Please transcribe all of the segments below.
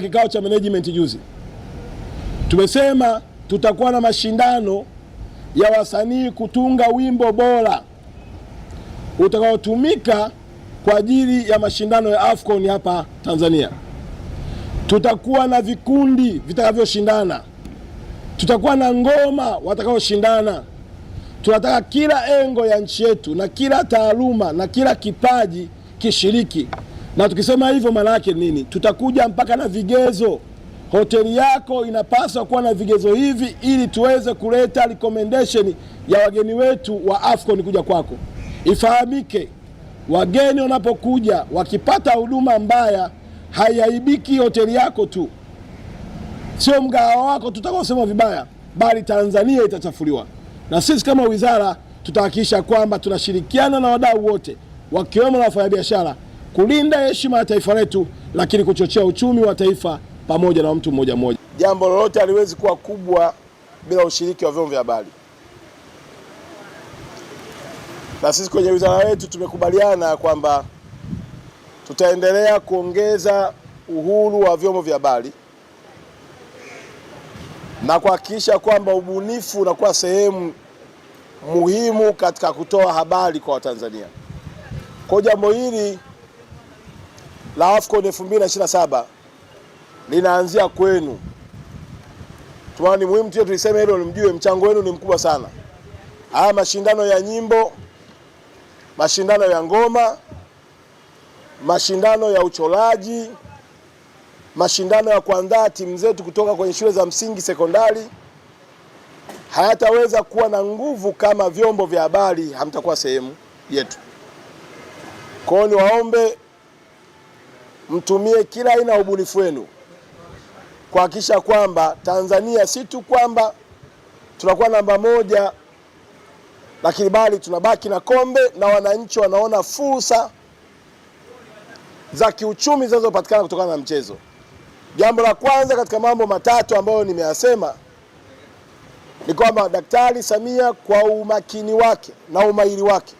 Kikao cha management juzi tumesema tutakuwa na mashindano ya wasanii kutunga wimbo bora utakaotumika kwa ajili ya mashindano ya Afcon hapa Tanzania. Tutakuwa na vikundi vitakavyoshindana, tutakuwa na ngoma watakaoshindana. Tunataka kila engo ya nchi yetu na kila taaluma na kila kipaji kishiriki. Na tukisema hivyo maana yake nini? Tutakuja mpaka na vigezo. Hoteli yako inapaswa kuwa na vigezo hivi, ili tuweze kuleta recommendation ya wageni wetu wa Afcon kuja kwako. Ifahamike, wageni wanapokuja wakipata huduma mbaya, haiaibiki hoteli yako tu, sio mgahawa wako tutakaosema vibaya, bali Tanzania itachafuliwa. Na sisi kama wizara tutahakikisha kwamba tunashirikiana na wadau wote, wakiwemo na wafanyabiashara kulinda heshima ya taifa letu, lakini kuchochea uchumi wa taifa pamoja na mtu mmoja mmoja. Jambo lolote haliwezi kuwa kubwa bila ushiriki wa vyombo vya habari, na sisi kwenye wizara yetu tumekubaliana kwamba tutaendelea kuongeza uhuru wa vyombo vya habari na kuhakikisha kwamba ubunifu unakuwa sehemu muhimu katika kutoa habari kwa Watanzania. Kwa jambo hili la AFCON 2027 linaanzia kwenu. Tumani muhimu tu tuliseme hilo, mjue mchango wenu ni mkubwa sana. Haya mashindano ya nyimbo, mashindano ya ngoma, mashindano ya uchoraji, mashindano ya kuandaa timu zetu kutoka kwenye shule za msingi, sekondari, hayataweza kuwa na nguvu kama vyombo vya habari hamtakuwa sehemu yetu. Kwa hiyo niwaombe mtumie kila aina ya ubunifu wenu kuhakikisha kwamba Tanzania si tu kwamba tunakuwa namba moja, lakini bali tunabaki na kombe na wananchi wanaona fursa za kiuchumi zinazopatikana kutokana na mchezo. Jambo la kwanza katika mambo matatu ambayo nimeyasema ni kwamba Daktari Samia kwa umakini wake na umahiri wake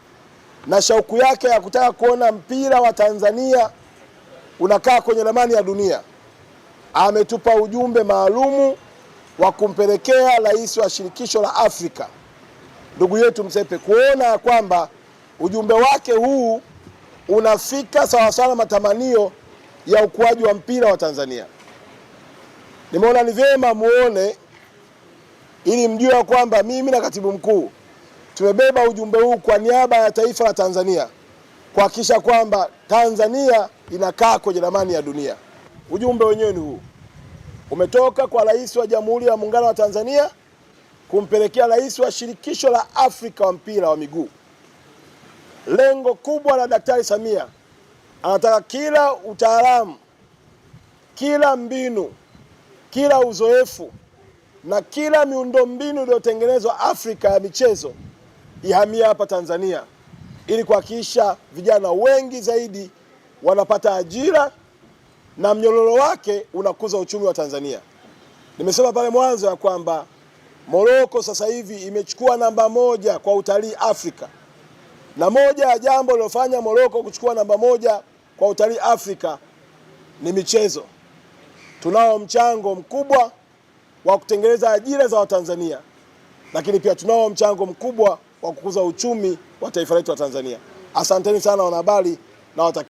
na shauku yake ya kutaka kuona mpira wa Tanzania unakaa kwenye ramani ya dunia. Ametupa ujumbe maalumu wa kumpelekea rais wa shirikisho la Afrika ndugu yetu Msepe kuona ya kwamba ujumbe wake huu unafika sawasawa na matamanio ya ukuaji wa mpira wa Tanzania. Nimeona ni vyema muone, ili mjue kwamba mimi na katibu mkuu tumebeba ujumbe huu kwa niaba ya taifa la Tanzania kuhakikisha kwamba Tanzania inakaa kwenye ramani ya dunia. Ujumbe wenyewe ni huu, umetoka kwa Rais wa Jamhuri ya Muungano wa Tanzania kumpelekea Rais wa Shirikisho la Afrika wa mpira wa miguu. Lengo kubwa la Daktari Samia anataka kila utaalamu, kila mbinu, kila uzoefu na kila miundombinu iliyotengenezwa Afrika ya michezo ihamia hapa Tanzania ili kuhakikisha vijana wengi zaidi wanapata ajira na mnyororo wake unakuza uchumi wa Tanzania. Nimesema pale mwanzo ya kwamba Moroko sasa hivi imechukua namba moja kwa utalii Afrika, na moja ya jambo lilofanya Moroko kuchukua namba moja kwa utalii Afrika ni michezo. Tunao mchango mkubwa wa kutengeneza ajira za Watanzania, lakini pia tunao mchango mkubwa wa kukuza uchumi wa taifa letu la Tanzania. Asanteni sana wanahabari na wata